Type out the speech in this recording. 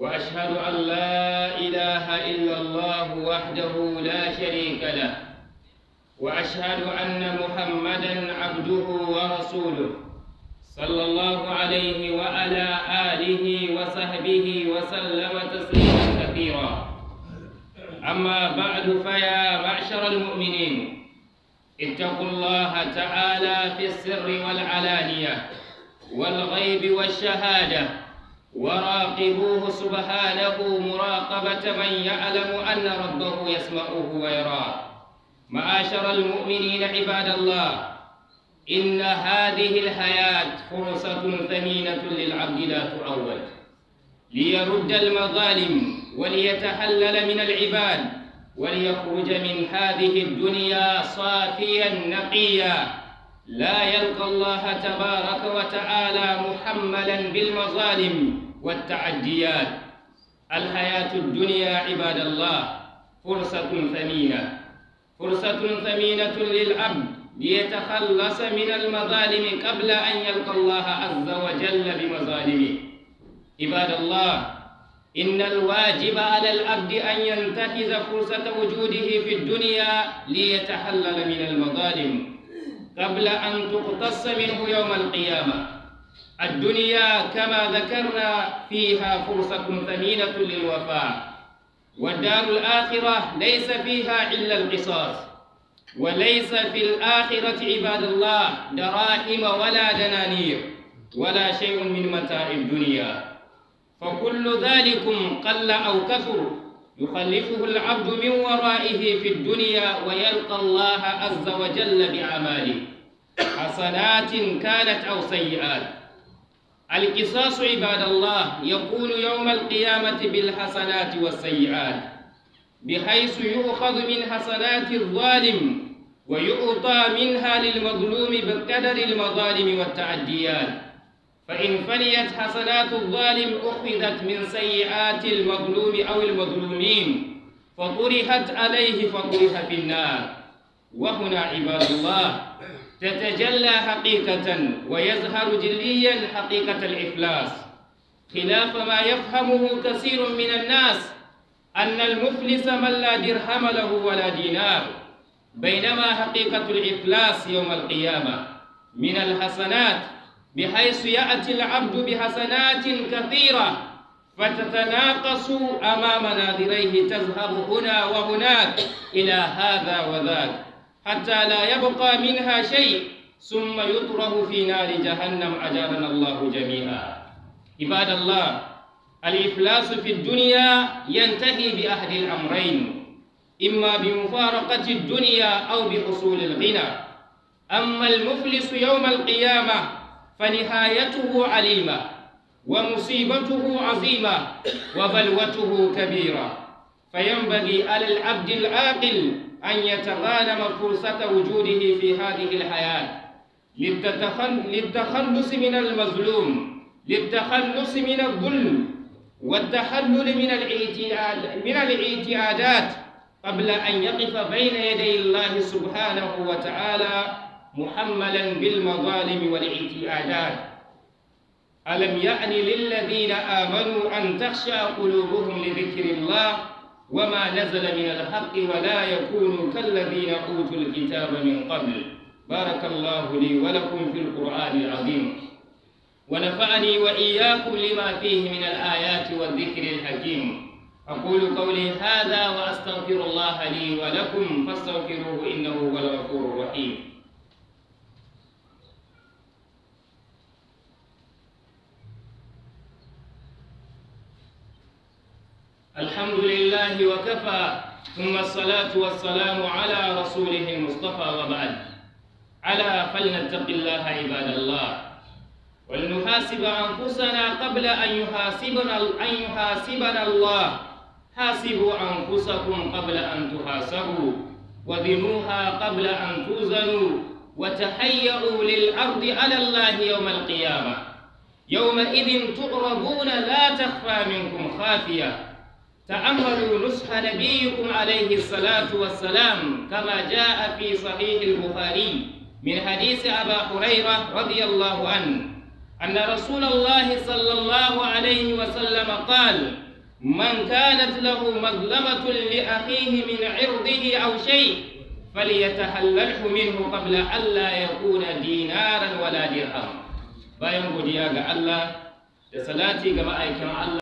وأشهد أن لا إله إلا الله وحده لا شريك له وأشهد أن محمدا عبده ورسوله صلى الله عليه وعلى آله وصحبه وسلم تسليما كثيرا أما بعد فيا معشر المؤمنين اتقوا الله تعالى في السر والعلانية والغيب والشهادة وراقبوه سبحانه مراقبة من يعلم أن ربه يسمعه ويراه معاشر المؤمنين عباد الله إن هذه الحياة فرصة ثمينة للعبد لا تعود ليرد المظالم وليتحلل من العباد وليخرج من هذه الدنيا صافيا نقيا لا يلقى الله تبارك وتعالى محملا بالمظالم والتعديات الحياة الدنيا عباد الله فرصة ثمينة فرصة ثمينة للعبد ليتخلص من المظالم قبل أن يلقى الله عز وجل بمظالمه عباد الله إن الواجب على العبد أن ينتهز فرصة وجوده في الدنيا ليتحلل من المظالم قبل أن تقتص منه يوم القيامة الدنيا كما ذكرنا فيها فرصة ثمينة للوفاء والدار الآخرة ليس فيها إلا القصاص وليس في الآخرة عباد الله دراهم ولا دنانير ولا شيء من متاع الدنيا فكل ذلكم قل أو كثر يخلفه العبد من ورائه في الدنيا ويلقى الله عز وجل بأعماله حسنات كانت أو سيئات القصاص عباد الله يكون يوم القيامة بالحسنات والسيئات بحيث يؤخذ من حسنات الظالم ويعطى منها للمظلوم بقدر المظالم والتعديات فإن فنيت حسنات الظالم أخذت من سيئات المظلوم أو المظلومين فطرحت عليه فطرح في النار وهنا عباد الله تتجلى حقيقة ويظهر جليا حقيقة الإفلاس خلاف ما يفهمه كثير من الناس أن المفلس من لا درهم له ولا دينار بينما حقيقة الإفلاس يوم القيامة من الحسنات بحيث يأتي العبد بحسنات كثيرة فتتناقص أمام ناظريه تذهب هنا وهناك إلى هذا وذاك حتى لا يبقى منها شيء ثم يطرح في نار جهنم أجارنا الله جميعا عباد الله الإفلاس في الدنيا ينتهي بأهل الأمرين إما بمفارقة الدنيا أو بحصول الغنى أما المفلس يوم القيامة فنهايته عليمة ومصيبته عظيمة وبلوته كبيرة فينبغي على العبد العاقل أن يتغانم فرصة وجوده في هذه الحياة للتخلص من المظلوم للتخلص من الظلم والتحلل من الاعتياد من الاعتيادات قبل أن يقف بين يدي الله سبحانه وتعالى محملا بالمظالم والاعتيادات ألم يعني للذين آمنوا أن تخشى قلوبهم لذكر الله وما نزل من الحق ولا يكونوا كالذين أوتوا الكتاب من قبل بارك الله لي ولكم في القرآن العظيم ونفعني وإياكم لما فيه من الآيات والذكر الحكيم أقول قولي هذا وأستغفر الله لي ولكم فاستغفروه إنه هو الغفور الرحيم الحمد لله وكفى ثم الصلاة والسلام على رسوله المصطفى وبعد على فلنتق الله عباد الله ولنحاسب أنفسنا قبل أن يحاسبنا أن يحاسبنا الله حاسبوا أنفسكم قبل أن تحاسبوا وزنوها قبل أن توزنوا وتحيروا للأرض على الله يوم القيامة يومئذ تعرضون لا تخفى منكم خافية تأملوا نصح نبيكم عليه الصلاة والسلام كما جاء في صحيح البخاري من حديث أبا هريرة رضي الله عنه أن رسول الله صلى الله عليه وسلم قال من كانت له مظلمة لأخيه من عرضه أو شيء فليتحلله منه قبل ألا يكون دينارا ولا درهم بايم godiya ga Allah da salati ga ma'aikin Allah